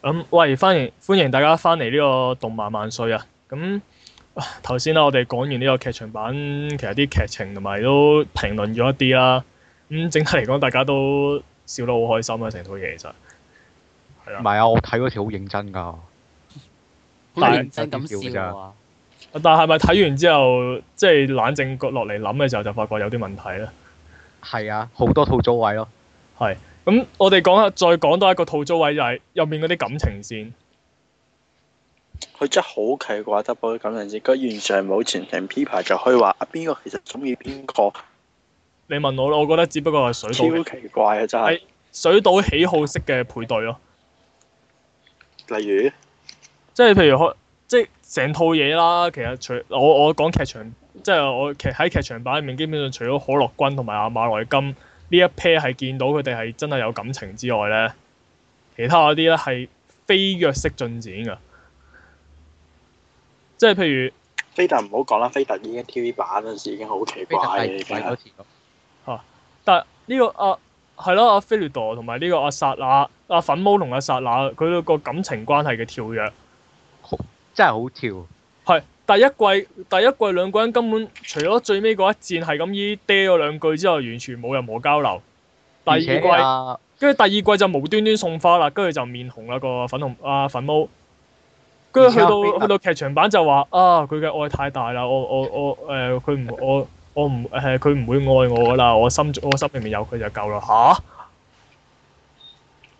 咁、嗯、喂，歡迎歡迎大家翻嚟呢個動漫萬歲啊！咁頭先啦，我哋講完呢個劇場版，其實啲劇情同埋都評論咗一啲啦、啊。咁、嗯、整體嚟講，大家都笑得好開心啊。成套嘢其實係啊。唔係啊，我睇嗰條好認真噶，好 認真咁笑咋。 但係咪睇完之後，即、就、係、是、冷靜落嚟諗嘅時候，就發覺有啲問題咧？係啊，好多套座位咯，係。咁我哋講下，再講多一個吐槽位就係入面嗰啲感情線。佢真係好奇怪，話，得部感情線，佢完全冇全程 paper 就可以話啊邊個其實中意邊個。你問我咯，我覺得只不過係水。好奇怪啊，真係。水島喜好式嘅配對咯，例如，即係譬如即係成套嘢啦。其實除我我講劇場，即係我劇喺劇場版入面，基本上除咗可樂君同埋阿馬來金，呢一 pair 係見到佢哋係真係有感情之外咧，其他嗰啲咧係飛躍式進展㗎，即係譬如菲特唔好講啦，菲特依家 TV 版嗰陣時已經好奇怪，但係呢個啊係咯，阿菲力多同埋呢個阿撒那，阿粉毛同阿撒那佢個感情關係嘅跳躍，真係好跳。係第一季，第一季兩個人根本除咗最尾嗰一戰係咁依嗲咗兩句之後，完全冇任何交流。第二季，跟住、啊、第二季就無端端送花啦，跟住就面紅啦個粉紅啊粉毛，跟住去到去到劇場版就話啊佢嘅愛太大啦，我我我誒佢唔我我唔誒佢唔會愛我噶啦，我心我心裏面有佢就夠啦吓？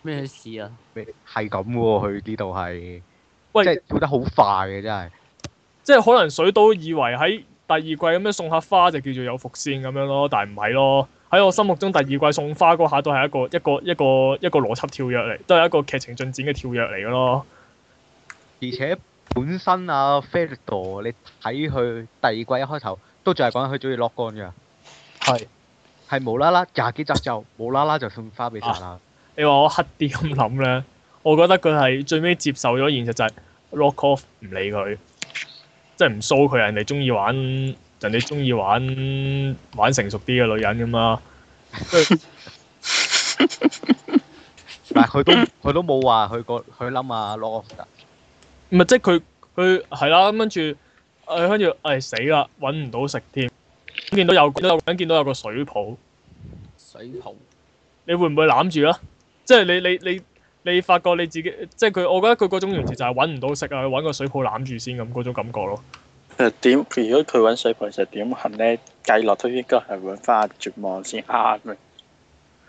咩、啊、事啊？係咁喎，佢呢度係喂，即係、跳得好快嘅，真係。即係可能水都以為喺第二季咁樣送下花就叫做有伏線咁樣咯，但係唔係咯。喺我心目中，第二季送花嗰下都係一個一個一個一個邏輯跳躍嚟，都係一個劇情進展嘅跳躍嚟噶咯。而且本身啊 Feder，你睇佢第二季一開頭都仲係講佢中意 lock on 嘅，係係是是無啦啦廿幾集就無啦啦就送花俾佢啦。你話我黑啲咁諗咧， 我覺得佢係最尾接受咗現實，就係 lock off 唔理佢。即係唔 show 佢，人哋中意玩，人哋中意玩玩成熟啲嘅女人㗎嘛。 但係佢都佢都冇話去個去諗下 l o s 咪 即係佢佢係啦，跟住誒跟住誒死啦，搵唔到食添。見到有，突見，見到有個水泡。水泡，你會唔會攬住啊？即係你你你。你你你你你發覺你自己，即係佢，我覺得佢嗰種情節就係搵唔到食啊，搵個水泡攬住先咁嗰種感覺咯。誒，點？如果佢搵水泡就點？行咧計落都應該係搵翻絕望先啱嘅。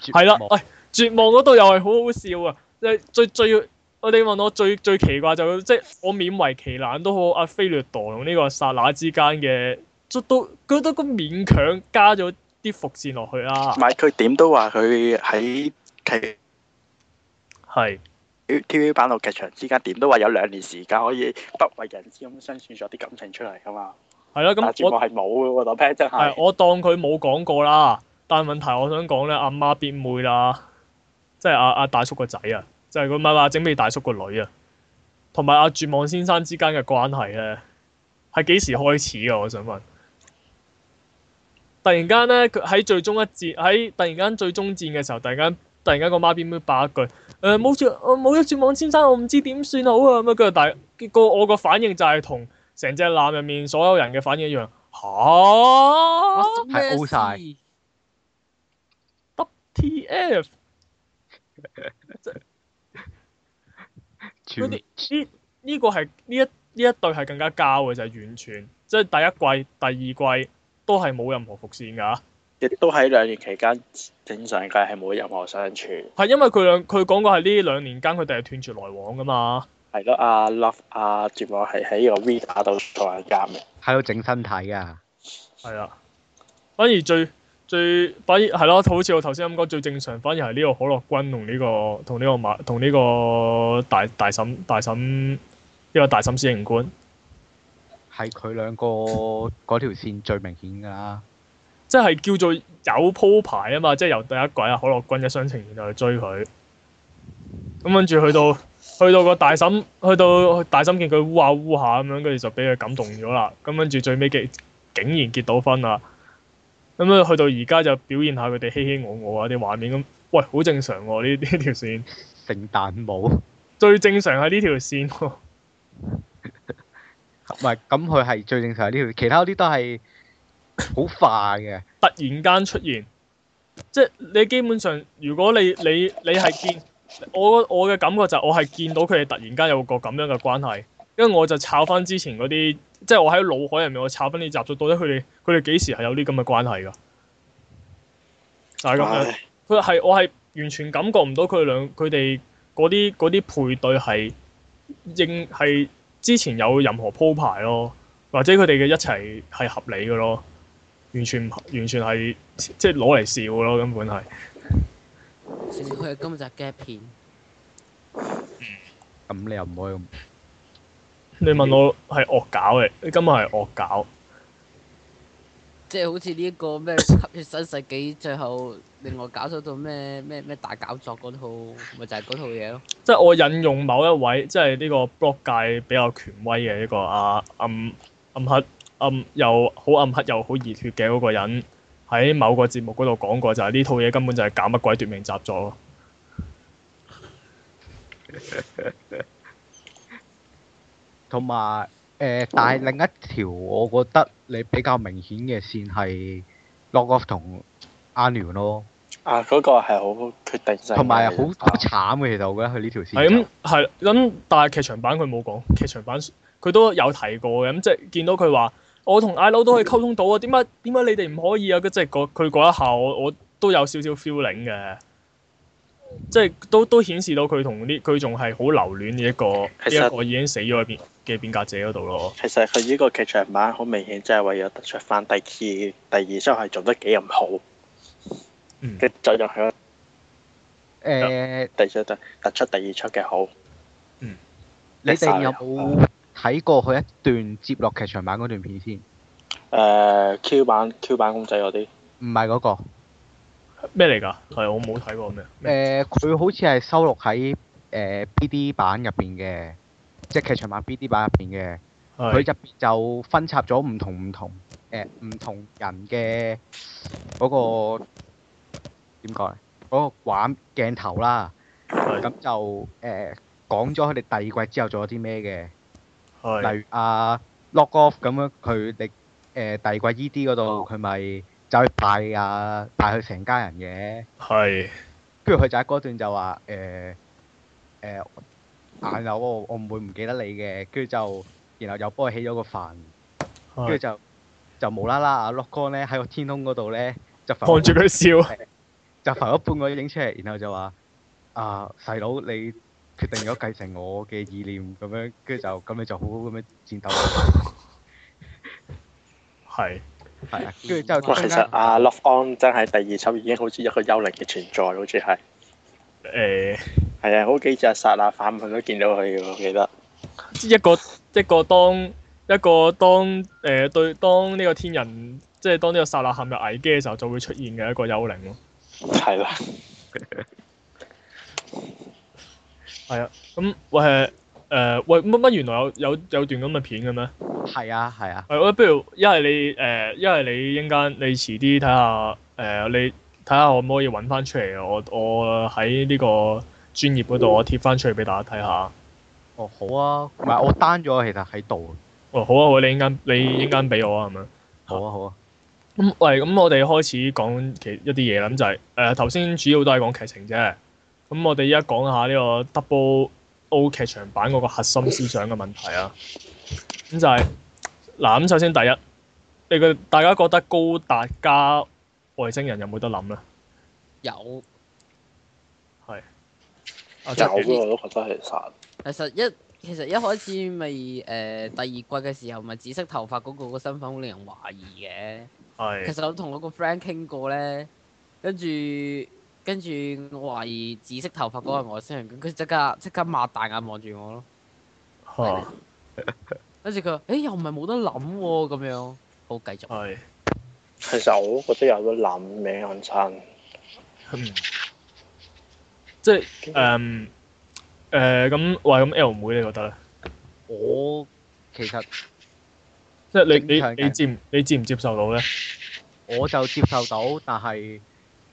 係、啊、啦，誒望、哎，絕望嗰度又係好好笑啊！最最最我哋問我最最奇怪就係，即係我勉為其難都好，阿菲略度用呢個剎那之間嘅，都都都勉強加咗啲伏線落去啦。唔係佢點都話佢喺係 T V 版到劇場之間點都話有兩年時間可以不為人知咁，相處咗啲感情出嚟噶嘛？係咯咁，但係節係冇嘅我當佢冇講過啦。但係問題，我想講咧，阿媽變妹啦，即係阿阿大叔個仔啊，即係佢唔係話整俾大叔個女啊，同埋阿絕望先生之間嘅關係咧，係幾時開始噶？我想問。突然間咧，佢喺最終一節，喺突然間最終戰嘅時候，突然間。突然間個媽咪咪爆一句：誒冇住，冇一住網先生，我唔知點算好啊！咁啊，跟住結果我個反應就係同成隻籃入面所有人嘅反應一樣，嚇係 O 晒！WTF！呢呢個係呢一呢一對係更加膠嘅就係、是、完全，即、就、係、是、第一季、第二季都係冇任何伏線嘅亦都喺兩年期間正常計係冇任何相處，係因為佢兩佢講過係呢兩年間佢哋係斷絕來往噶嘛係咯，阿、啊、Love 阿接我係喺個 V 打度，同人夾嘅，喺度整身體噶係啊，反而最最反而係咯，好似我頭先咁講最正常，反而係呢個可樂君同呢、這個同呢、這個馬同呢個大大嬸大嬸呢、這個大嬸司令官，係佢兩個嗰條線最明顯噶啦、啊。即係叫做有鋪排啊嘛，即係由第一季啊，可樂君一廂情願就去追佢，咁跟住去到去到個大嬸，去到大嬸見佢烏下烏下咁樣，跟住就俾佢感動咗啦。咁跟住最尾竟然結到婚啦。咁樣去到而家就表現下佢哋卿卿我我啊啲畫面咁，喂、哎，好正常喎呢呢條線。聖誕帽最正常係呢條線。唔係，咁佢係最正常係呢條，其他啲都係。好快嘅，突然間出現，即係你基本上，如果你你你係見我我嘅感覺就我係見到佢哋突然間有個咁樣嘅關係，因為我就炒翻之前嗰啲，即係我喺腦海入面我炒翻啲集數，到底佢哋佢哋幾時係有啲咁嘅關係噶？就係咁樣，佢係唉我係完全感覺唔到佢哋兩佢哋嗰啲嗰啲配對係應係之前有任何鋪排咯，或者佢哋嘅一齊係合理嘅咯。完全唔，完全係即係攞嚟笑咯，根本係。全部係今日嘅片。嗯，咁你又唔可以咁。你問我係惡搞嘅，你今日係惡搞。即係好似呢個咩吸血新世紀最後，另外搞出到咩咩咩大搞作嗰套，咪就係嗰套嘢咯。即係我引用某一位，即係呢個 blog 界比較權威嘅一個阿暗暗黑。暗、嗯、又好暗黑又好熱血嘅嗰個人喺某個節目嗰度講過，就係呢套嘢根本就係搞乜鬼奪命雜咗。 咯。同埋誒，但係另一條我覺得你比較明顯嘅線係 Logoff 同阿苗咯。啊，嗰、那個係好決定性。同埋好好慘嘅，啊、其實我覺得佢呢條線、就是。係咁係咁，但係劇場版佢冇講，劇場版佢都有提過嘅，咁、嗯、即係見到佢話。我同 ILO 都可以溝通到啊，點解點解你哋唔可以啊？即係佢嗰一下，我我都有少少 feeling 嘅，即係都都顯示到佢同呢，佢仲係好留戀嘅一個一其實我已經死咗嘅變,變革者嗰度咯。其實佢呢個劇場版好明顯即係為咗突出翻第,第二第二出係做得幾唔好嘅、嗯、作用係咯。誒，突出突突出第二出嘅好。嗯、你哋有。嗯睇過佢一段接落劇場版嗰段片先。誒、uh, Q 版 Q 版公仔嗰啲。唔係嗰個。咩嚟㗎？係我冇睇過咩。誒，佢、呃、好似係收錄喺誒、呃、B D 版入邊嘅，即係劇場版 B D 版入邊嘅。佢入邊就分插咗唔同唔同誒唔、呃、同人嘅嗰、嗰個點講咧？嗰、嗰個畫鏡頭啦。係是。咁就誒、呃、講咗佢哋第二季之後做咗啲咩嘅。例如啊，是 Lock off 咁樣，佢你誒第二季 ED 度，佢咪就去拜啊拜佢成家人嘅。係是。跟住佢就喺嗰段就話誒誒，大、呃、佬、呃、我唔會唔記得你嘅，跟住就然後又幫佢起咗個墳，跟住是就就無啦啦阿、啊、Lock off 咧，喺個天空嗰度咧就望住佢笑，呃、就浮咗半個影出嚟，然後就話啊細佬你。決定咗繼承我嘅意念咁樣，跟住就咁樣就好好咁樣戰鬥。係係啊，跟住之後。其實阿 Love On 真係第二輯已經好似一個幽靈嘅存在，好似係。誒係啊，好幾隻殺那反佢都見到佢嘅，我記得。一個一個當一個當誒對當呢個天人，即係當呢個殺那陷入危機嘅時候，就會出現嘅一個幽靈咯。係啦。係啊，咁喂，誒、呃、喂，乜乜原來有有有段咁嘅片嘅咩？係啊係啊。誒、啊，不如因為你誒，一、呃、係你一陣間，你遲啲睇下誒，你睇下可唔可以搵翻出嚟？我我喺呢個專業嗰度，我貼翻出嚟俾大家睇下。哦，好啊，唔係、嗯嗯、我單咗，其實喺度。哦，好啊，好啊，你一陣間你一陣間俾我啊，咁樣。好啊好啊。咁喂，咁我哋開始講其一啲嘢啦，咁就係誒頭先主要都係講劇情啫。咁我哋依家講下呢個 Double O 劇場版嗰個核心思想嘅問題啊，咁 就係嗱咁首先第一，你覺得大家覺得高達加外星人有冇得諗咧？有。係是。有嘅我覺得係散。其實一其實一開始咪誒、呃、第二季嘅時候咪紫色頭髮嗰個個身份好令人懷疑嘅。是其實我同我個 friend 傾過咧，跟住。跟住我懷疑紫色頭髮嗰個外星人，佢即刻即刻擘大眼望住我咯。吓！跟住佢話，誒、欸，又唔係冇得諗咁、啊、樣，好繼續。係是。其實我都覺得有得諗嘅，阿陳、嗯。即係誒，誒、呃，咁、呃、喂，咁 L 妹你覺得咧？我其實即係你你你接唔你接唔接受到咧？我就接受到，但係。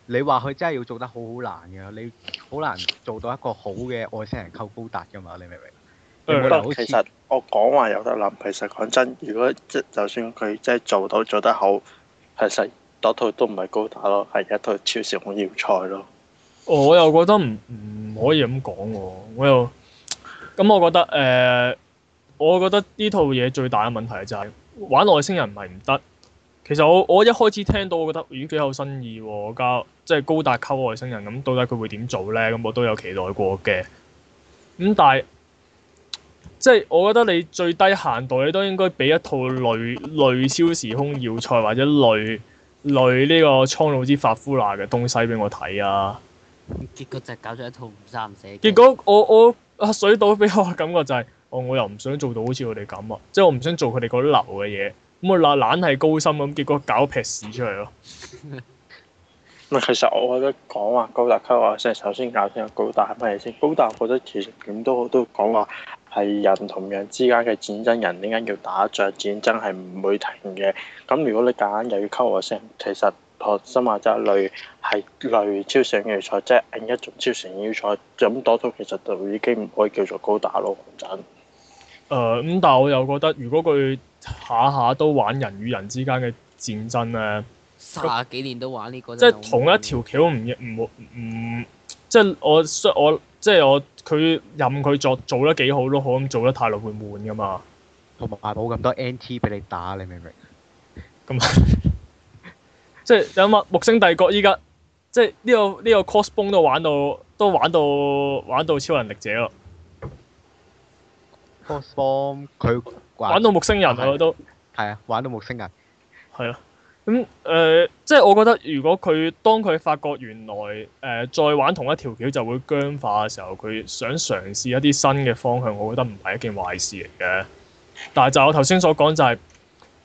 你話佢真係要做得好好難嘅，你好難做到一個好嘅外星人溝高達嘅嘛？你明唔明？對有有其實我講話有得諗，其實講真，如果即就算佢真係做到做得好，其實多套都唔係高達咯，係一套超時空要塞咯。我又覺得唔唔可以咁講喎，我又咁我覺得誒、呃，我覺得呢套嘢最大嘅問題就係玩外星人唔係唔得。其實我我一開始聽到，我覺得咦，幾有新意喎，我家即係高達溝外星人咁，到底佢會點做咧？咁我都有期待過嘅。咁但係即係我覺得你最低限度你都應該俾一套類類超時空要塞或者類類呢個蒼穹之法夫娜嘅東西俾我睇啊！結果就係搞咗一套唔三唔四。結果我我水島俾我感覺就係，哦，我又唔想做到好似佢哋咁啊，即係我唔想做佢哋嗰流嘅嘢。咁我懶懶係高深咁，結果搞一撇屎出嚟咯。嗱， 其實我覺得講話高達溝歌聲，首先搞清個高達係乜嘢先。高達我覺得其實點都好，都講話係人同人之間嘅戰爭人，人點解要打仗？戰爭係唔會停嘅。咁如果你揀又要溝歌聲，其實我心話就類係類超時空要塞，即係另一種超時空要塞，咁多咗其實就已經唔可以叫做高達咯，真。誒、呃，咁但係我又覺得，如果佢。下下都玩人與人之間嘅戰爭咧，卅幾年都玩呢個，即係同一條橋唔唔換唔，即係我衰我即係我佢任佢作做，做得幾好都好，咁做得太耐會悶㗎嘛。同埋冇咁多 NT 俾你打，你明唔明？咁 即係諗下木星帝國依家，即係呢個呢個 Crossbone 都玩到都玩到玩到超人力者啊！幫佢玩到木星人啊，都係啊，玩到木星人係啊。咁誒，即係我覺得如果佢當佢發覺原來誒、呃、再玩同一條橋就會僵化嘅時候，佢想嘗試一啲新嘅方向，我覺得唔係一件壞事嚟嘅，但係就我頭先所講就係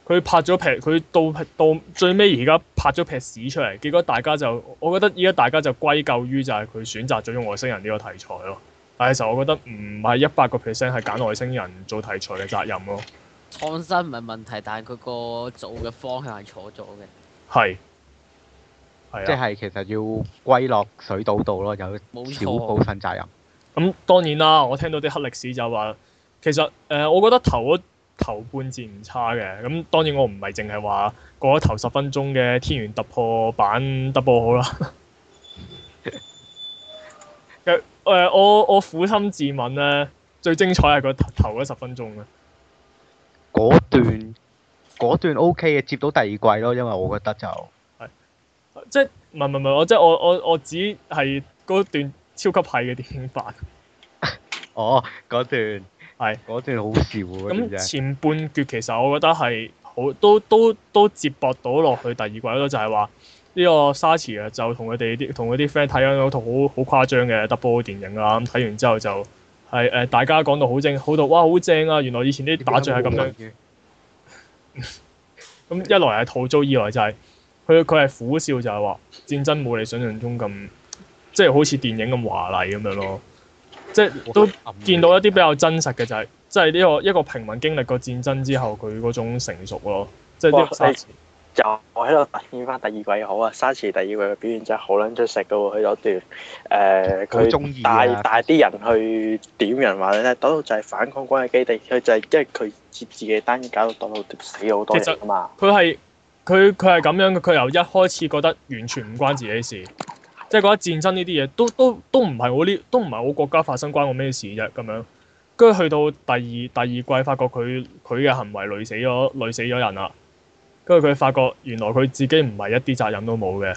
佢拍咗劈，佢到到最尾而家拍咗劈屎出嚟，結果大家就我覺得而家大家就歸咎於就係佢選擇咗用外星人呢個題材咯。但誒，其實我覺得唔係一百個 percent 係揀外星人做題材嘅責任咯。創新唔係問題，但係佢個做嘅方向係錯咗嘅。係，係啊，即係其實要歸落水島度咯，有少部分責任。咁當然啦，我聽到啲黑歷史就話，其實誒、呃，我覺得頭嗰頭半節唔差嘅。咁當然我唔係淨係話過咗頭十分鐘嘅天元突破版 double 好啦。 誒、呃、我我苦心自問咧，最精彩係嗰頭嗰十分鐘啊！嗰段段 O K 嘅，接到第二季咯，因為我覺得就係即係唔係唔係我即係我我我指係嗰段超級係嘅點發？ 哦，嗰段係嗰是段好笑啊。咁前半段其實我覺得係好都都都接駁到落去第二季咯，就係、是、話。呢個沙池啊，就同佢哋啲同佢啲 friend 睇緊一套好好誇張嘅 double 嘅電影啊！睇完之後就係誒、呃、大家講到好正，好到哇好正啊！原來以前啲打仗係咁樣嘅。咁 一來係吐槽，二來就係佢佢係苦笑，就係、是、話戰爭冇你想象中咁、就是，即係好似電影咁華麗咁樣咯。即係都見到一啲比較真實嘅，就係即係呢個一個平民經歷過戰爭之後，佢嗰種成熟咯，即係、這、呢、個、沙就我喺度發現翻第二季好啊！沙士第二季嘅表現真係好撚出色嘅，去咗嗰段誒佢、呃、鍾意帶帶啲人去點人話咧，當就反係反抗軍嘅基地，佢就係、是、即為佢接自己單搞到當死好多嘛！佢係佢佢係咁樣嘅，佢由一開始覺得完全唔關自己事，即、就、係、是、覺得戰爭呢啲嘢都都都唔係我啲都唔係我國家發生關我咩事啫咁樣，跟住去到第二第二季發覺佢佢嘅行為累死咗累死咗人啦。因為佢發覺原來佢自己唔係一啲責任都冇嘅，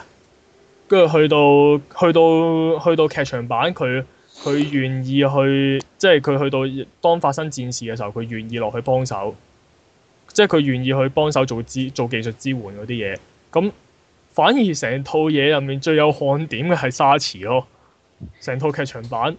跟住去到去到去到劇場版，佢佢願意去，即係佢去到當發生戰事嘅時候，佢願意落去幫手，即係佢願意去幫手做做技術支援嗰啲嘢。咁反而成套嘢入面最有看點嘅係沙池咯，成套劇場版。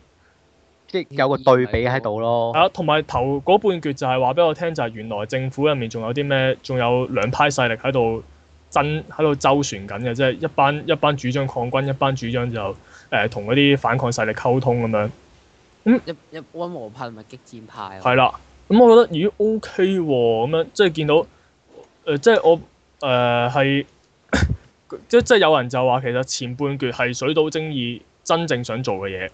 即有個對比喺度咯，啊、嗯，同埋頭嗰半橛就係話俾我聽，就係原來政府入面仲有啲咩，仲有兩派勢力喺度爭喺度周旋緊嘅，即、就、係、是、一班一班主張抗軍，一班主張就誒同嗰啲反抗勢力溝通咁樣。咁、嗯、溫和派同埋激戰派喎、啊。係啦、嗯，咁、嗯、我覺得如果 OK 喎，咁樣即係見到誒，即係、呃、我誒係、呃、 即即係有人就話其實前半橛係水島爭議真正想做嘅嘢。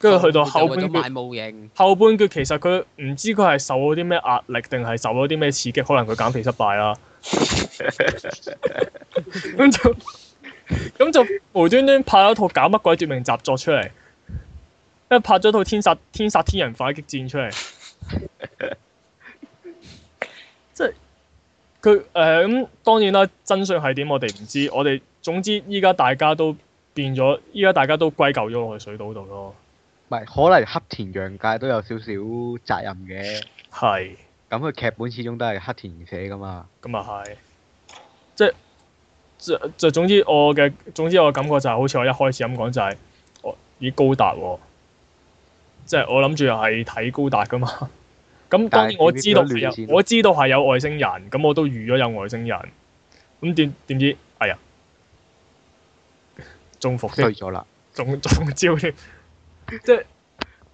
跟住去到後半句，後半句其實佢唔知佢係受咗啲咩壓力，定係受咗啲咩刺激？可能佢減肥失敗啦，咁 那就咁 就無端端拍咗套搞乜鬼奪命雜作出嚟，跟住拍咗套天殺天殺天人快擊戰出嚟，即係佢，誒，咁當然啦，真相係點我哋唔知。我哋總之依家大家都變咗，依家大家都歸咎咗落去水島度咯。唔係，可能黑田洋介都有少少責任嘅。係是。咁佢劇本始終都係黑田寫噶嘛。咁啊係。即係，就就總之我嘅總之我感覺就係好似我一開始咁講就係，咦，我已高達喎。即係我諗住又係睇高達噶嘛。咁當然我知道我知道係有外星人，咁我都預咗有外星人。咁點點知，哎呀！中伏添。衰咗啦。中中招添。即係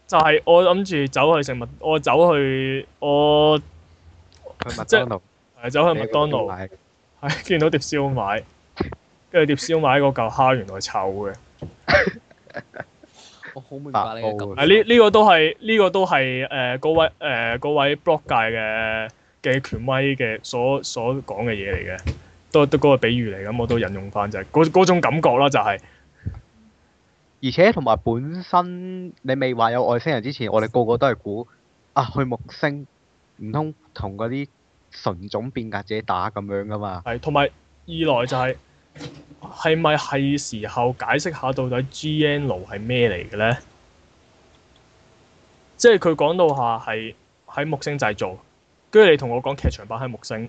就係我諗住走去食物，我走去我去麥當勞，係走、就係、去麥當勞，係 見到碟燒賣，跟住碟燒賣個嚿蝦原來臭嘅。我好明白你嘅諗。係呢呢個都係呢、呢個都係誒嗰位誒嗰位 blog 界嘅嘅權威嘅所所講嘅嘢嚟嘅，都都嗰個比喻嚟，咁我都引用翻就係嗰嗰種感覺啦、就係，就係。而且同埋本身你未話有外星人之前，我哋個個都係估啊，去木星，唔通同嗰啲純種變革者打咁樣噶嘛？係。同埋二來就係係咪係時候解釋下到底 G.N.L 係咩嚟嘅咧？即係佢講到下係喺木星製造，跟住你同我講劇場版喺木星，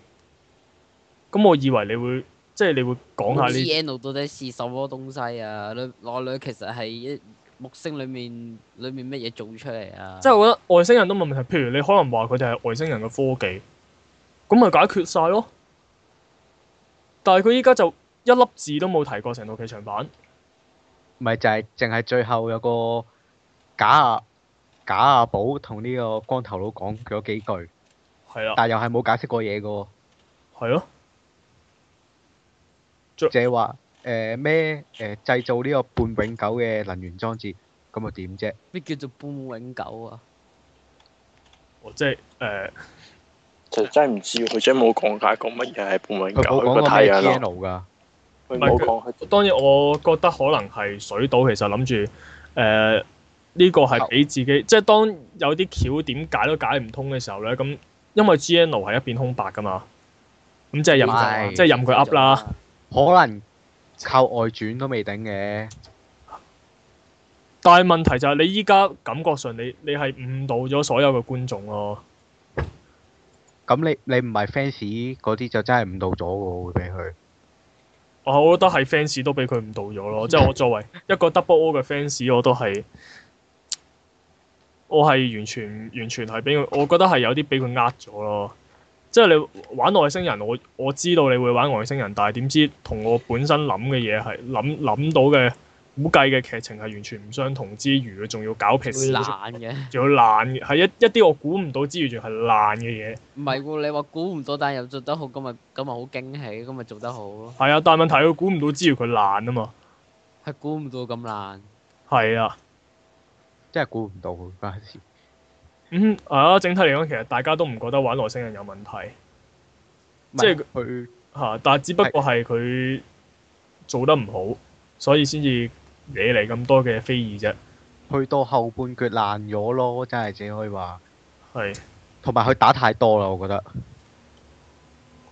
咁我以為你會。即係你會講下呢？C N、L、到底是什嘢東西啊？裏內裏其實係木星裏面裏面乜嘢做出嚟啊？即係我覺得外星人都冇問題，譬如你可能話佢哋係外星人嘅科技，咁咪解決晒咯。但係佢依家就一粒字都冇提過成套劇場版，咪就係淨係最後有個假阿假阿寶同呢個光頭佬講咗幾句。啊，但又係冇解釋過嘢㗎喎。係咯，啊。即係話誒咩誒製造呢個半永久嘅能源裝置，咁又點啫？咩叫做半永久啊？我即係誒，其、呃、實真係唔知佢真係冇講解講乜嘢係半永久。佢冇講太陽噶，冇講。當然，我覺得可能係水島其實諗住誒呢個係俾自己，呃、即係當有啲橋點解都解唔通嘅時候咧，咁因為 G N O 係一片空白噶嘛，咁即係任佢，即係的任佢 up 啦的。可能靠外傳都未頂嘅，但係問題就係你依家感覺上你你係誤導咗所有嘅觀眾咯。咁你你唔係 fans 嗰啲就真係誤導咗喎，會俾佢。我覺得係 fans 都俾佢誤導咗咯，即係 我作為一個 double O 嘅 fans，我都係，我係完全完全係俾佢，我覺得係有啲俾佢呃咗咯。即係你玩外星人，我我知道你會玩外星人，但係點知同我本身諗嘅嘢係諗諗到嘅估計嘅劇情係完全唔相同之餘，佢仲要搞劈爛嘅，仲要爛嘅，係一一啲我估唔到之餘，仲係爛嘅嘢。唔係喎，你話估唔到，但係又做得好，咁咪咁咪好驚喜，咁咪做得好咯。係啊，但係問題佢估唔到之餘，佢爛啊嘛。係估唔到咁爛。係啊，真係估唔到。嗯，係啊，整體嚟講，其實大家都唔覺得玩外星人有問題，是即係佢吓，他但係只不過係佢做得唔好，是所以先至惹嚟咁多嘅非議啫。去到後半橛爛咗咯，真係只可以話。係是，同埋佢打太多啦，我覺得。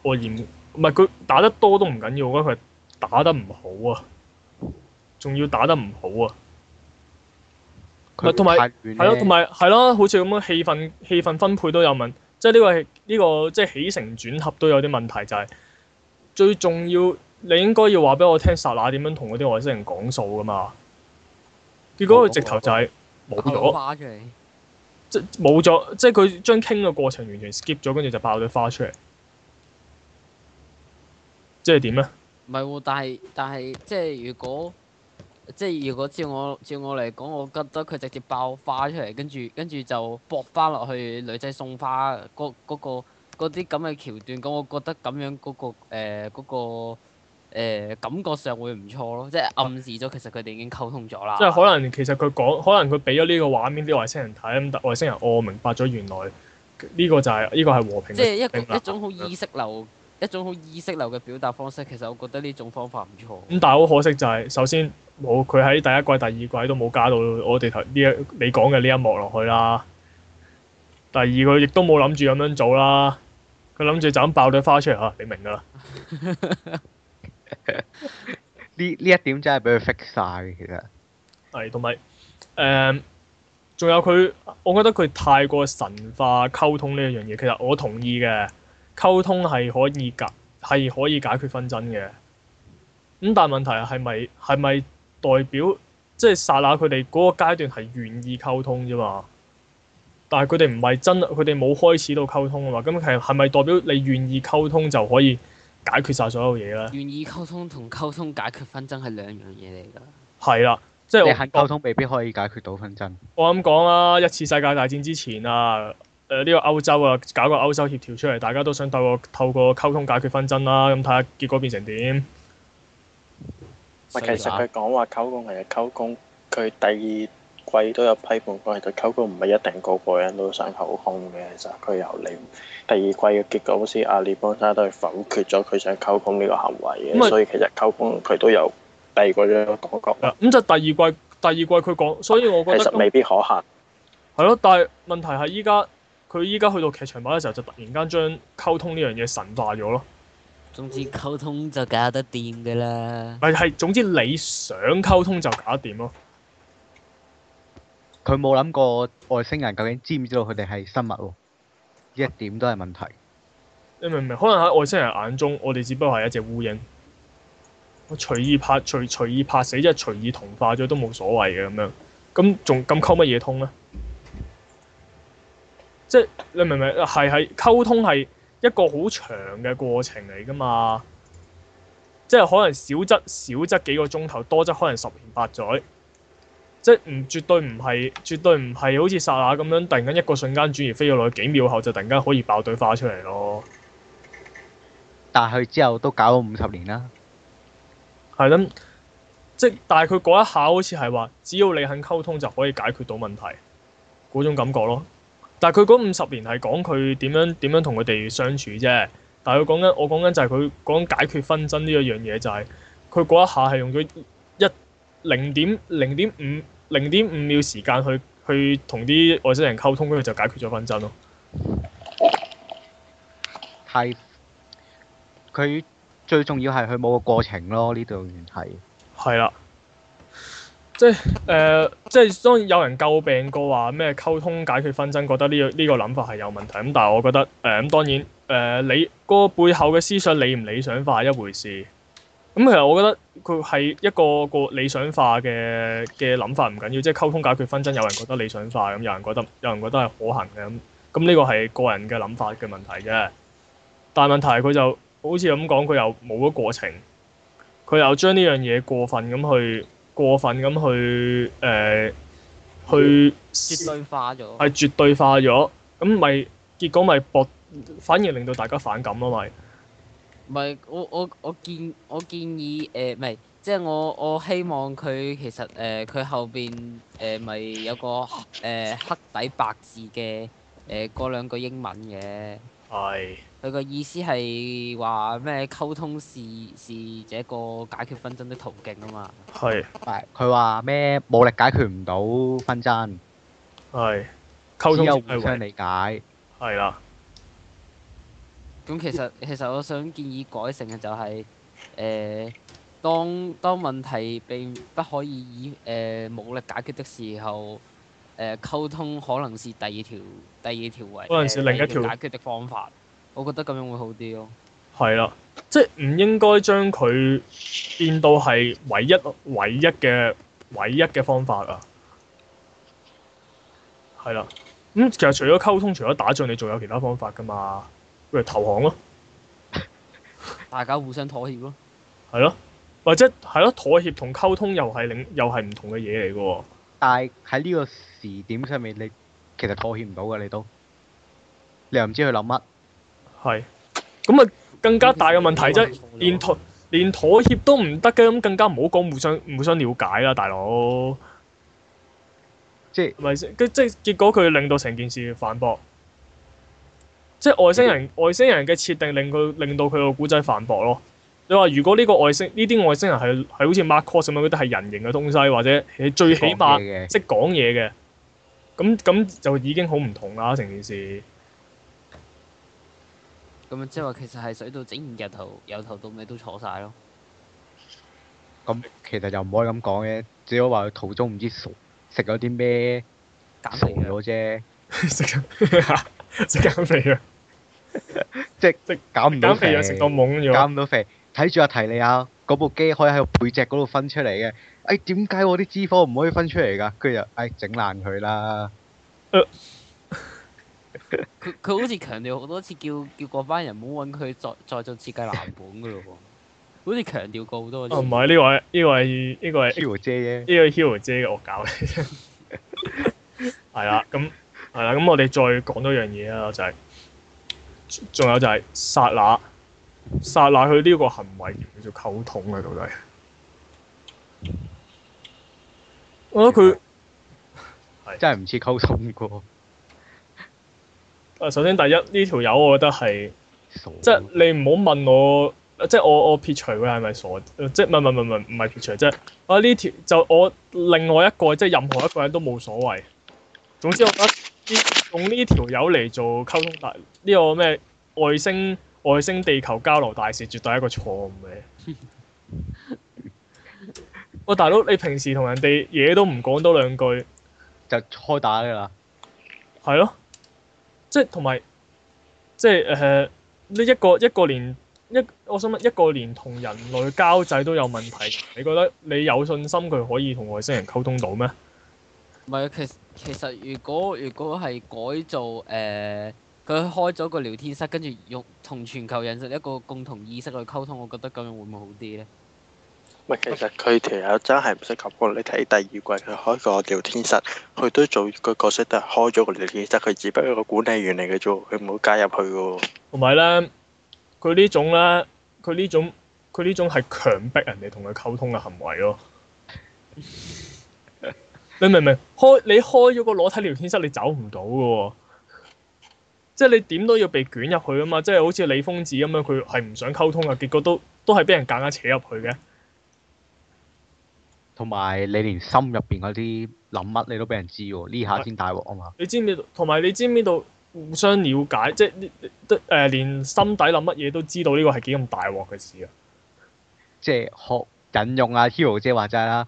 我嫌唔係佢打得多都唔緊要，我覺得佢打得唔好啊，仲要打得唔好啊。同埋係咯，好似咁樣氣氛氣氛分配都有問，即係呢個係呢個即係起承轉合都有啲問題，就係最重要，你應該要話俾我聽，撒那點樣同嗰啲外星人講數噶嘛？結果佢直頭就係冇咗，即冇咗，嗯、即係佢將傾嘅過程完全 skip 咗，跟住就爆咗花出嚟，即係點咧？唔係喎，但係但係即係如果。即係如果照我照我嚟講，我覺得佢直接爆花出嚟，跟住跟住就搏翻落去女仔送花嗰、嗰個嗰啲咁嘅橋段，咁我覺得咁樣嗰、嗰個誒嗰、呃嗰個呃、感覺上會唔錯咯，即係暗示咗其實佢哋已經溝通咗啦。即係可能其實佢講，可能佢俾咗呢個畫面俾外星人睇，咁但外星人、哦、我明白咗，原來呢、呢個就係、係、呢、呢個係和平。即係一一種好意識流一種好意識流嘅表達方式，其實我覺得呢種方法唔錯。咁但係好可惜就係、是，首先冇佢喺第一季、第二季都冇加到我哋呢一你講嘅呢一幕落去啦。第二佢亦都冇諗住咁樣做啦，佢諗住就咁爆咗花出嚟吓，你明噶啦。呢呢一點真係俾佢 fix 晒，其實係同埋誒，仲 有佢、嗯，我覺得佢太過神化溝通呢樣嘢。其實我同意嘅。溝通係可以解係可以解決紛爭嘅，咁但係問題係咪係咪代表即係霎那佢哋嗰個階段係願意溝通啫嘛？但係佢哋唔係真，佢哋冇開始到溝通啊嘛。咁其實係咪代表你願意溝通就可以解決晒所有嘢咧？願意溝通同溝通解決紛爭係兩樣嘢嚟㗎。係啦、啊，即係你肯溝通未必可以解決到紛爭。我咁講啦，一次世界大戰之前啊。誒，呢個歐洲啊，搞個歐洲協調出嚟，大家都想透過透過溝通解決紛爭啦。咁睇下結果變成點喎？其實佢講話溝通係啊，溝通佢第二季都有批判過，其實溝通唔係一定個個人都想溝通嘅。其實佢由嚟第二季嘅結果，好似阿列邦沙都係否決咗佢想溝通呢個行為嘅，嗯、所以其實溝通佢都有第二個呢個角度。咁就第二季，第二季佢講，所以我覺得其實未必可行係咯。但係問題係依家。佢依家去到劇場版嘅時候，就突然間將溝通呢樣嘢神化咗咯。總之溝通就搞得掂嘅啦。唔係係總之你想溝通就搞得掂咯。佢冇諗過外星人究竟知唔知道佢哋係生物喎、啊？一點都係問題。你明唔明？可能喺外星人眼中，我哋只不過係一隻烏蠅。我隨意拍隨隨意拍死，即係隨意同化咗都冇所謂嘅咁樣。咁仲咁溝乜嘢通呢？即係你明唔明？係，係溝通係一個好長嘅過程嚟噶嘛，即係可能少則少則幾個鐘頭，多則可能十年八載。即係唔絕對唔係，絕對唔係好似剎那咁樣，突然間一個瞬間轉移飛咗落去，幾秒後就突然間可以爆對花出嚟咯。但係佢之後都搞咗五十年啦，係咯。即係但係佢嗰一下好似係話，只要你肯溝通就可以解決到問題，嗰種感覺咯。但係佢嗰五十年係講佢點樣點樣同佢哋相處啫。但係佢講緊，我講緊就係佢講解決紛爭呢一樣嘢就係，佢嗰一下係用咗一零點零點五零點五秒時間去去同啲外星人溝通，跟住就解決咗紛爭咯。係佢最重要係佢冇個過程咯，呢度原來係係啦。即係誒、呃，即係當然有人詬病過話咩溝通解決紛爭，覺得呢、這個呢、這個諗法係有問題。咁但係我覺得誒，咁、呃、當然誒、呃，你個背後嘅思想理唔理想化係一回事。咁其實我覺得佢係一個個理想化嘅嘅諗法，唔緊要。即係溝通解決紛爭，有人覺得理想化，咁有人覺得有人覺得係可行嘅。咁咁呢個係個人嘅諗法嘅問題啫。但係問題佢就好似咁講，佢又冇咗過程，佢又將呢樣嘢過分咁去。過分咁去誒、呃、去結絕對化咗，係絕對化咗，咁咪結果咪博，反而令到大家反感咯，咪咪我我我建我建議誒咪、呃，即係我我希望佢其實誒佢、呃、後邊誒咪有個誒、呃、黑底白字嘅誒嗰兩個英文嘅。係佢個意思係話咩溝通是是這個解決紛爭的途徑啊嘛係，係佢話咩武力解決唔到紛爭係，溝通互相理解係啦。咁的其實其實我想建議改成嘅就係、是，誒、呃、當當問題並不可以以誒、呃、武力解決的時候。誒，溝通可能是第二條第二條位，嗰陣另一條、條解決的方法，我覺得咁樣會好啲咯、哦。係啦，即係唔應該將佢變到係唯一唯一嘅唯一嘅方法啊。係啦，咁、嗯、其實除咗溝通，除咗打仗，你仲有其他方法噶嘛？不如投降咯、啊， 大家互相妥協咯。係咯，或者係咯，妥協同溝通又係另又係唔同嘅嘢嚟嘅喎。但喺喺呢個時點上面，你其實妥協唔到㗎，你都你又唔知佢諗乜。係咁啊，更加大嘅問題啫，連妥連妥協都唔得嘅，咁更加唔好講互相互相了解啦，大佬即。即係咪即係結果，佢令到成件事反駁，即係外星人的外星人嘅設定令，令佢令到佢個古仔反駁咯。你話如果呢個外星呢啲外星人係係好似 Macross 咁樣都係人形嘅東西，或者係最起碼識講嘢嘅，咁咁就已經好唔同啦成件事。咁啊，即係話其實係水到整完日頭，由頭到尾都坐晒。咯咁其實又唔可以咁講嘅，只好話途中唔知傻食咗啲咩，傻咗啫，食緊食減肥藥，即即減唔到肥藥食到懵咗，減唔到肥。睇住阿提利啊，嗰部機可以喺背脊嗰度分出嚟嘅。哎，點解我啲脂肪唔可以分出嚟噶？跟住又，哎，整爛佢啦。佢佢好似強調好多次，叫叫嗰班人唔好揾佢再再做設計藍本噶咯喎。好似強調過好多次。唔係呢位呢位呢個係 Hero 姐啫。呢個 Hero 姐我搞嘅。係啦，咁係啦，咁我哋再講多樣嘢啦，就係，仲有就係薩拿。殺咗佢呢個行為叫做溝通啊？到底我覺得佢真係唔似溝通嘅。啊，首先第一呢條友，這個、我覺得係傻嘅，即係你唔好問我，即係我我撇除佢係咪傻，即係唔唔唔唔唔係撇除，即係我呢條就我另外一個，即係任何一個人都冇所謂。總之，我覺得用呢條友嚟做溝通，大、這、呢個咩外星？外星地球交流大使絕對係一個錯誤嘅。喂、 哦，大佬，你平時同人哋嘢都唔講多兩句，就開打嘅啦？係咯，即係同埋，即係誒、呃，你一個一個連一，我想問一個連同人類交際都有問題，你覺得你有信心佢可以同外星人溝通到咩？唔係，其實其實如果如果係改造誒。呃佢開咗個聊天室，跟住用同全球人做一個共同意識去溝通，我覺得咁樣會唔會好啲呢？唔，其實佢條友真係唔適合。你睇第二季，佢開個聊天室，佢都做個角色，但係開咗個聊天室，佢只不過個管理員嚟嘅啫，佢唔好加入去噶。同埋咧，佢呢種咧，佢呢種，佢呢種係強迫人哋同佢溝通嘅行為咯。 你明唔明？開你開咗個裸體聊天室，你走唔到噶。即係你點都要被捲入去啊嘛！即係好似李峯子咁樣，佢係唔想溝通嘅，結果都都係俾人夾硬，硬扯入去嘅。同埋你連心入邊嗰啲諗乜你都俾人知喎，呢下先大鑊啊嘛！你知唔知？同埋你知唔知道互相了解？即係呢、呃、連心底諗乜嘢都知道，呢個係幾咁大鑊嘅事啊！即係學引用阿、啊、Hero 姐話齋啦，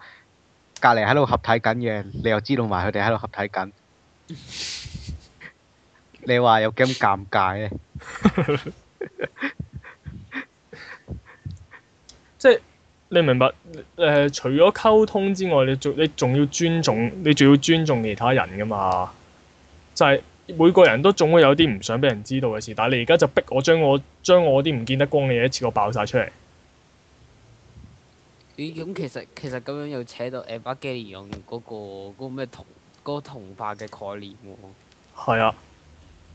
隔籬喺度合體緊嘅，你又知道埋佢哋喺度合體緊。 你話有幾咁尷尬咧？即係、 就是、你明白誒、呃？除咗溝通之外，你仲你仲要尊重，你仲要尊重其他人噶嘛？就係、是、每個人都總會有啲唔想俾人知道嘅事，但係你而家就逼我將我將我啲唔見得光嘅嘢，一次過爆晒出嚟。咦？咁其實其實咁樣又扯到誒、e 那個，Evangelion 嗰個嗰、那個咩同嗰個同化嘅概念係、哦、啊。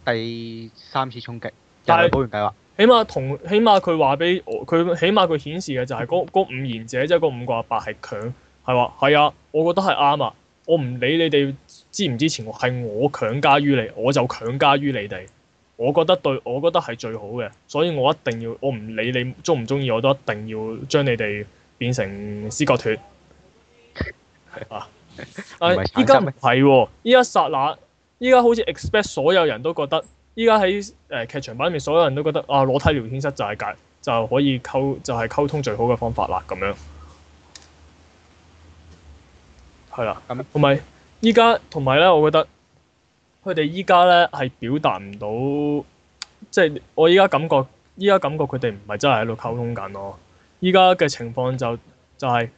第三次衝擊，但係補完計劃。起碼同起碼佢話俾我，佢起碼佢顯示嘅就係嗰、那個、 五賢者即係嗰五個阿伯係強，係話係啊，我覺得係啱啊。我唔理你哋知唔知情，係我強加於你，我就強加於你哋。我覺得對，我覺得係最好嘅，所以我一定要，我唔理你中唔中意，我都一定要將你哋變成司各脱。係 啊，但係依家係喎，依家剎那。依家好似 expect 所有人都覺得，依家喺誒劇場版面所有人都覺得啊，裸體聊天室就係、是、解就可以溝就係、是、溝通最好嘅方法啦咁樣，係啦，同埋依家同埋咧，我覺得佢哋依家咧係表達唔到，即、就、係、是、我依家感覺，依家感覺佢哋唔係真係喺度溝通緊咯。依家嘅情況就就係、是、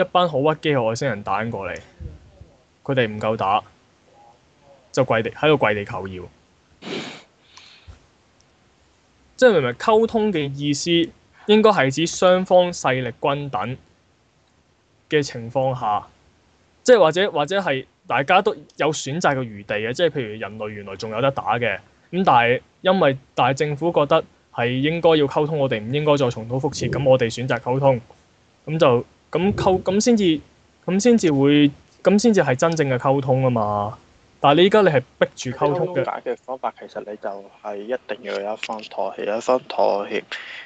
一班好屈機嘅外星人打緊過嚟，佢哋唔夠打。就跪地喺度跪地求饒，即係明明溝通嘅意思應該係指雙方勢力均等嘅情況下，即係或者或者係大家都有選擇嘅餘地嘅。即係譬如人類原來仲有得打嘅咁，但係因為但係政府覺得係應該要溝通，我哋唔應該再重蹈覆轍，咁我哋選擇溝通咁就咁溝，咁先至咁先至會，咁先至係真正嘅溝通啊嘛。但係你依家你係逼住溝通嘅，解決方法其實你就係一定要有一方妥協，一妥協有一方妥協。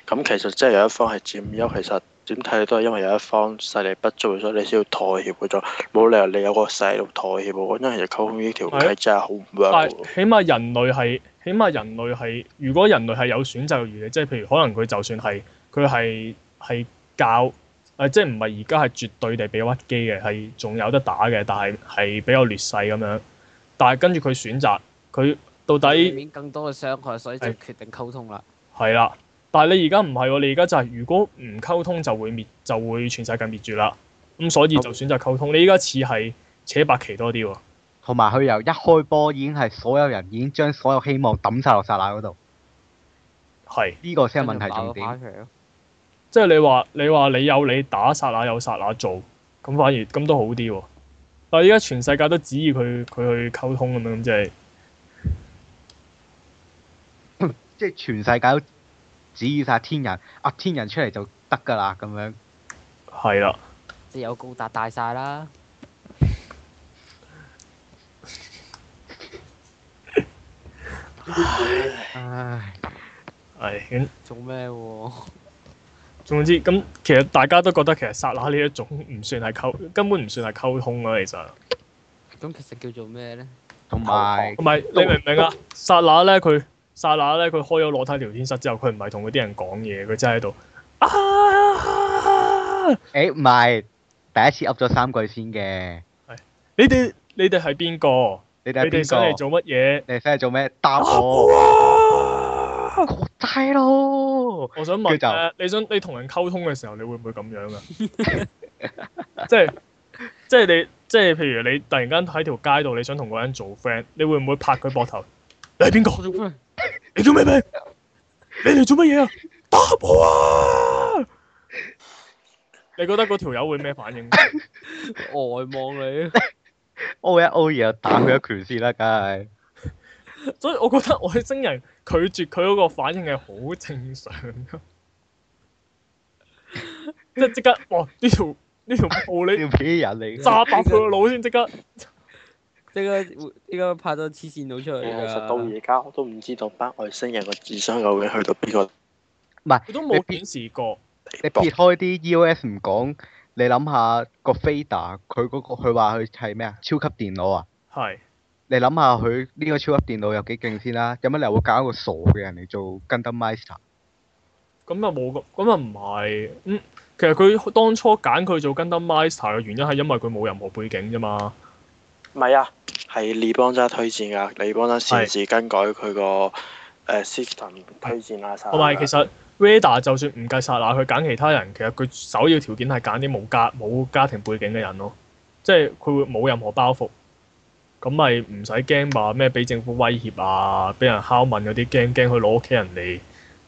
咁其實即係有一方係佔優，其實點睇都係因為有一方勢力不足，所以你先要妥協嘅啫。冇理由你有個細路妥協喎，我覺得其實溝通呢條街真係好唔屈。但係起碼人類係，起碼人類係，如果人類係有選擇嘅餘地，即係譬如可能佢就算係佢係係教，啊、即係唔係而家係絕對地俾屈機嘅，係仲有得打嘅，但係係比較劣勢咁樣。但係跟住佢選擇，佢到底避免更多嘅傷害，所以就決定溝通啦。係啦，但係你而家唔係喎，你而家就係如果唔溝通就會滅，就會全世界滅絕啦。咁所以就選擇溝通。好你而家似係扯白旗多啲喎。同埋佢由一開波已經係所有人已經將所有希望抌晒落沙那嗰度。係呢的個先係問題重點。即係你話你話你有你打沙那有沙那做，咁反而咁都好啲喎。但係依家全世界都指意佢，佢去溝通咁樣，即係即係全世界都指意晒天人，啊天人出嚟就得噶啦咁樣。係啦了。即係有高達大晒啦。 唉。唉，唉做咩喎、啊？總之咁，其實大家都覺得其實剎那呢一種唔算係溝，根本唔算係溝通啊。其實，咁其實叫做咩咧？同埋時，控同埋你明唔明啊？剎那咧，佢剎那咧，佢開咗裸體聊天室之後，佢唔係同嗰啲人講嘢，佢真係喺度。啊！誒、哎，唔係，第一次噏咗三句先嘅。係你哋，你哋係邊個？你哋想嚟做乜嘢？你哋想嚟做咩？答我。好低咯～我想問，誒、呃，你想你同人溝通嘅時候，你會唔會咁樣噶、啊？ 即係即係你即係，譬如你突然間喺條街度，你想同個人做 friend，你會唔會拍佢膊頭？你係邊個？做咩？你叫咩名？你嚟做乜嘢啊？打我啊！ 你覺得嗰條友會咩反應、啊？ 外望你 ，O 一 O 二，e、ar，打佢一拳先啦，梗係。 所以我覺得我外星人。拒絕佢嗰個反應係好正常嘅， 即係即刻哇！呢條呢 條奧呢條片人嚟，嘅。炸爆佢個腦先即刻，即 刻呢個拍咗黐線腦出嚟㗎。其實到而家我都唔知道班外星人個智商究竟去到邊個？唔係佢都冇顯示過你，你撇開啲 u F 唔講。你諗下個 Fader，佢嗰、嗰個佢話佢係咩啊？超級電腦啊，係。你諗下佢呢個超級電腦有幾勁先啦，有乜理由會揀一個傻嘅人嚟做 Gundam Meister？咁又冇噶，咁又唔係。咁、嗯、其實佢當初揀佢做 Gundam Meister 嘅原因係因為佢冇任何背景啫嘛。唔係啊，係利邦家推薦噶，利邦家嘗試更改佢個誒 system 推薦啊。同埋其實 Radar 就算唔計剎那，佢揀其他人，其實佢首要條件係揀啲冇家冇家庭背景嘅人咯，即係佢會冇任何包袱。咁咪唔使驚嘛？咩俾政府威脅啊？俾人拷問嗰啲驚驚，佢攞屋企人嚟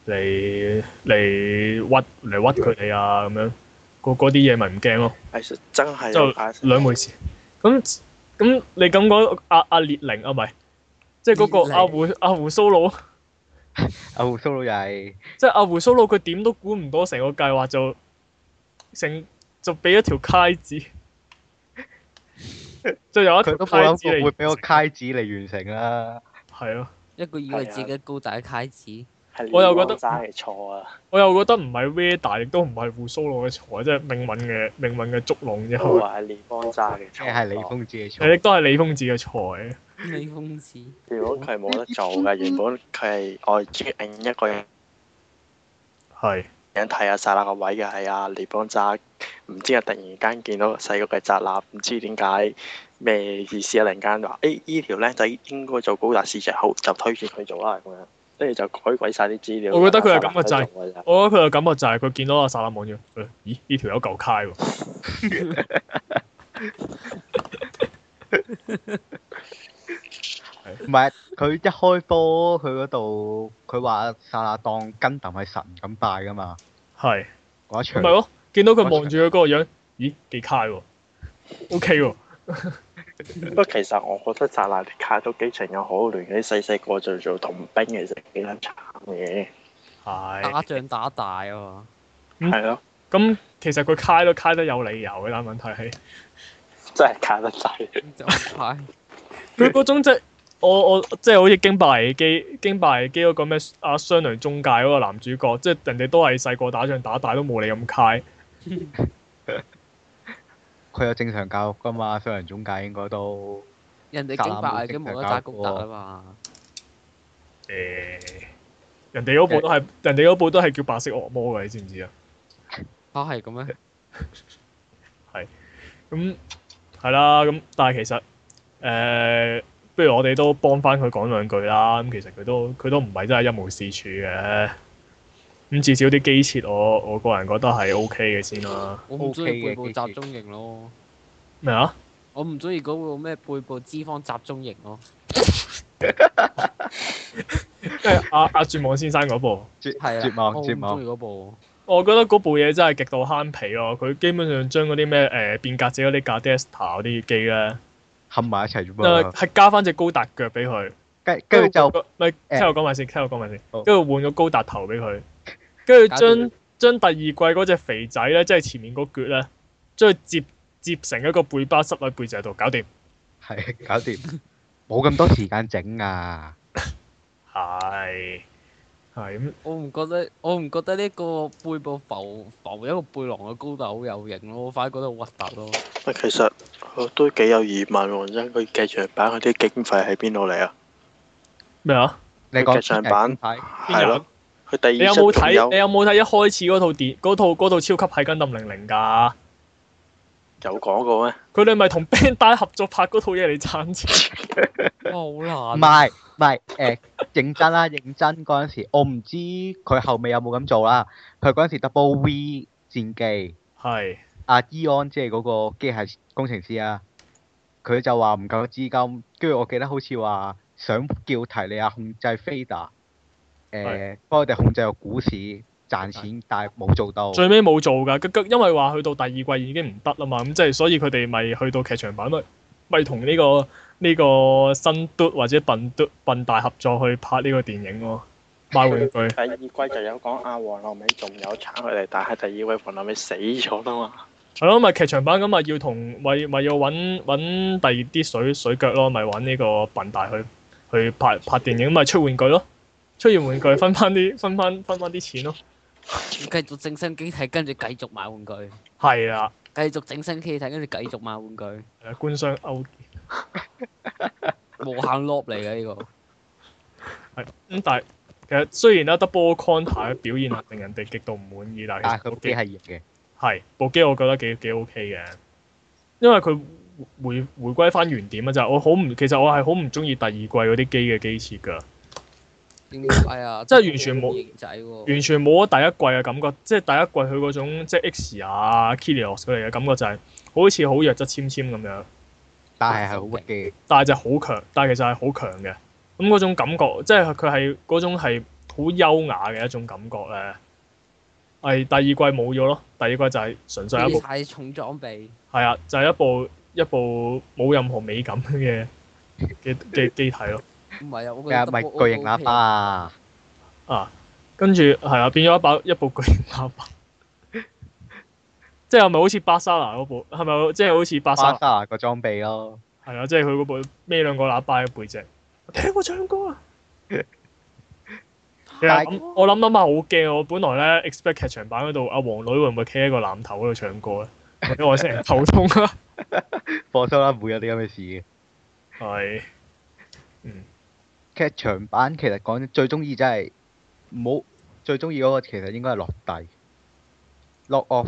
嚟嚟屈嚟屈佢哋啊咁樣，嗰嗰啲嘢咪唔驚咯。真係兩回事。咁咁你咁講阿阿列寧啊，唔、啊、係、啊，即係嗰個阿、啊、胡阿、啊、胡蘇魯。阿、啊、胡蘇魯又係。即係阿胡蘇魯，佢點都估唔到成個計劃就，就成就俾一條卡紙。即就有一都套楔子嚟完成啦，啊，係咯，啊，一個以為自己高大嘅楔子，我又覺得係錯啊，我又覺得唔係 Vader 亦都唔係胡鬚龍嘅錯，即係命運嘅命運嘅捉弄啫，係、哦、李峰渣嘅錯，亦都係李峰子嘅錯，都李，峰李峰子， 如果佢係冇得做嘅，原本佢係外接應一個人，係。想睇下薩拉個位嘅係啊，黎邦扎，唔知啊突然間見到細個嘅宅男，唔知點解咩意思啊？突然間話，哎，條呢條靚仔應該做高達市場，好就推薦佢做啦。咁、啊、樣，跟住就改鬼晒啲資料。我覺得佢係咁嘅就係，我覺得佢係咁嘅就係，佢見到阿薩拉望住，咦？呢條友夠 high 喎！唔係，佢一開波，佢嗰度佢話薩拉當 Gundam 係神咁拜噶嘛～係，唔係咯？見到佢望住佢嗰個樣，去去咦，幾卡喎？O K 喎。不過 其實我覺得炸爛啲卡都幾情有可憐，啲細細個就做童兵，其實幾撚慘嘅。係是。打仗打大啊嘛。係咯、嗯。咁了其實佢卡都卡得有理由嘅。但問題係真係卡得滯。佢 嗰 種即我我即係好似《驚爆危機》啊《驚爆危機》嗰個咩阿相良宗介嗰個男主角，即係人哋都係細個打仗打大，都冇你咁佢有正常教育㗎嘛？相良宗介應該都人哋驚爆已經冇得打高達啦嘛。誒、欸，人哋嗰部都係人哋嗰部都係叫白色惡魔㗎，你知唔知啊？啊， 係咁樣？係咁係啦，咁 但係其實誒。呃不如我哋都幫翻佢講兩句啦。咁其實佢都佢都唔係真係一無是處嘅。咁至少啲機設我我個人覺得係 OK 嘅先啦、啊。我好中意背部集中型咯。咩啊？我唔中意嗰部咩背部脂肪集中型咯。即係阿阿絕望先生嗰部，係啊，絕望絕望。我唔中意嗰部。我覺得嗰部嘢真係極度慳皮咯。佢基本上將嗰啲咩誒變革者嗰啲 Gadesta 嗰啲機咧。冚埋一齊，係加翻隻高達腳俾佢，跟住就是、欸、聽我講埋先，聽我講埋先，跟住換個高達頭俾佢，跟住將將第二季嗰隻肥仔咧，即係前面嗰腳咧，將佢接接成一個背包，塞喺背脊度，搞掂。係，搞掂。冇咁多時間整啊。係。 係，我唔覺得，我唔覺得呢個背部浮浮一個背囊嘅高度好有型咯，我反而覺得好核突咯。啊，其實都幾有疑問喎，真佢劇場版佢啲經費喺邊度嚟啊？咩啊？你講劇場版係有咯？佢第二出有冇睇？你有冇睇一開始嗰套電嗰套嗰套超級睇緊《Gundam 00》㗎？有講過咩？佢哋咪同 Bandai 合作拍嗰套嘢嚟賺錢？ 哇，好難、啊！唔係唔係誒。認真啦，認真嗰陣時我有有，我唔知佢後尾有冇咁做啦。佢嗰陣時 double V 戰機，係阿伊安，即係嗰個機械工程師啊，佢就話唔夠資金，跟住我記得好似話想叫提你亞控制飛達、呃，誒是，幫我哋控制個股市賺錢，但係冇做到。最尾冇做噶，因為話去到第二季已經唔得啦嘛，咁即係所以佢哋咪去到劇場版咯，咪同呢個。呢個新嘟或者笨嘟笨大合作去拍呢個電影喎，賣玩具。第二季就有講阿黃糯米仲有撐佢哋，但係第二季黃糯米死咗 啦嘛。係咯，咪劇場版咁咪、就是、要同咪咪要揾揾第二啲水水腳咯，咪揾呢個笨大去去拍拍電影，咪出玩具咯。出完玩具分翻啲分翻分翻啲錢咯。繼續正身機體，跟住繼續賣玩具。係啦。 繼續整新機睇，跟住繼續買玩具。誒，官商勾結，無限 loop 嚟嘅呢個。係，咁但係其實雖然咧 Double Counter 表現令人哋極度唔滿意，但係佢機係、啊、熱嘅。係，部機我覺得幾幾 OK 嘅，因為佢回回歸翻原點啊！就係我好唔，其實我係好唔中意第二季嗰啲機嘅機設噶。係啊，哎、即係完全冇，哦、完全冇咗第一季嘅感覺。即係第一季佢嗰種即係 X 啊 Kilios 佢嚟嘅感覺就係好似好弱質纖纖咁樣。但係係好勁，但係就好強，但係其實係好強嘅。咁、嗯、嗰種感覺，即係佢係嗰種係好優雅嘅一種感覺咧。係第二季冇咗咯，第二季就係純粹一部太重裝備。係啊，就係、是、一部一部冇任何美感嘅嘅嘅機體咯。 唔係啊，佢係巨型喇叭啊？啊，跟住係啊，變咗一把一部巨型喇叭，即係咪好似巴沙拿嗰部？係咪即係好似巴沙拿個裝備咯？係啊，即係佢嗰部孭兩個喇叭嘅背脊，聽我唱歌啊！我諗我諗諗下好驚，我本來咧 expect 劇場版嗰度阿黃女會唔會企喺個籃頭嗰度唱歌啊？因為我成日頭痛啊！放心啦，唔會有啲咁嘅事嘅，係嗯。劇場版其實講最中意即係冇最中意嗰個其實應該係落地，log off。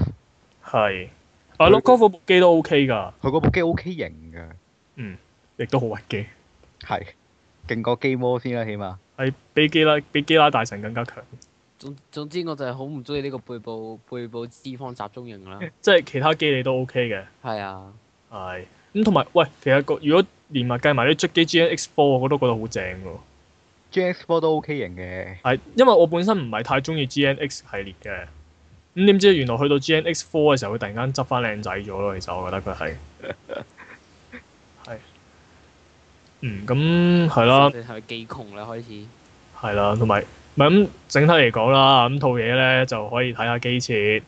係，啊，log off 部機都 OK 㗎，佢部機 OK 型㗎，嗯，亦都好核機，係勁過 game 魔先啦，起碼係比基拉比基拉大神更加強。總總之我就係好唔中意呢個背部背部脂肪集中型啦。即係其他機你都 OK 嘅。係啊。係。咁同埋，喂，其實個如果連埋計埋啲追機 G N X Four，我都覺得好正喎。G N X Four 都 OK 型嘅。係，因為我本身唔係太中意 G N X 系列嘅。咁、嗯、點知原來去到 G N X Four 嘅時候，佢突然間執翻靚仔咗咯。其實我覺得佢係係。嗯，咁係啦。係咪幾窮呀、啊，開始。係啦，同埋咪咁整體嚟講啦，咁套嘢咧就可以睇下機設。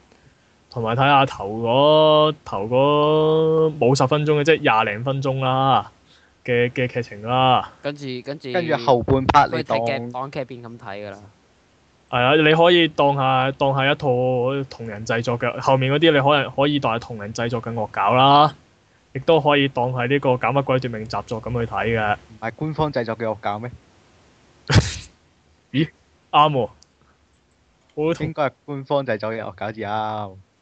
同埋睇下頭嗰頭嗰冇十分鐘嘅啫，廿零分鐘啦嘅嘅劇情啦。跟住跟住跟住後半拍，你當嚟當劇片咁睇噶啦。係啊，你可以當下當下一套同人製作嘅後面嗰啲，你可能可以當係同人製作嘅惡搞啦，亦都可以當係呢個搞乜鬼奪命雜作咁去睇嘅。唔係官方製作嘅惡搞咩？ 咦？啱喎、哦，我應該係官方製作嘅惡搞先啱。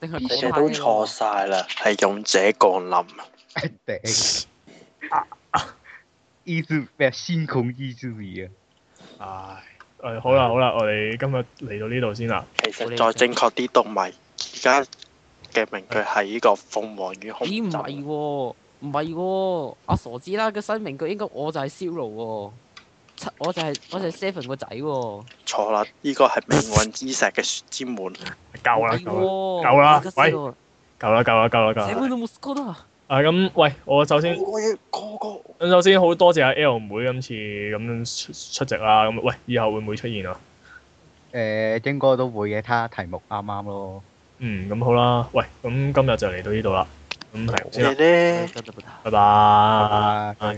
你哋都錯晒啦，係勇者降臨。啊，意思咩？先 e 空之瑞啊！唉，誒，好啦好啦，我哋今日嚟到呢度先啦。其實再正確啲讀埋而家嘅名句係呢個鳳凰與空。咦？唔係喎，唔係喎，阿傻子啦！個新名句應該我就係 Siro 喎。我就係、是、我就係 Seven 個仔喎。錯啦，呢個係命運之石嘅雪之門。夠啦、欸，夠啦，夠啦。喂，夠啦夠啦夠啦夠啦。社會都冇 school 得啊。啊、嗯，咁喂，我首先。我嘅哥哥。咁首先好多謝阿 L 妹今次咁樣出席啦。咁、嗯、喂，以後會唔會出現啊？誒、欸，應該都會嘅，睇下題目啱唔啱咯。嗯，咁好啦。喂，咁今日就嚟到就呢度啦。咁係，再見。拜拜。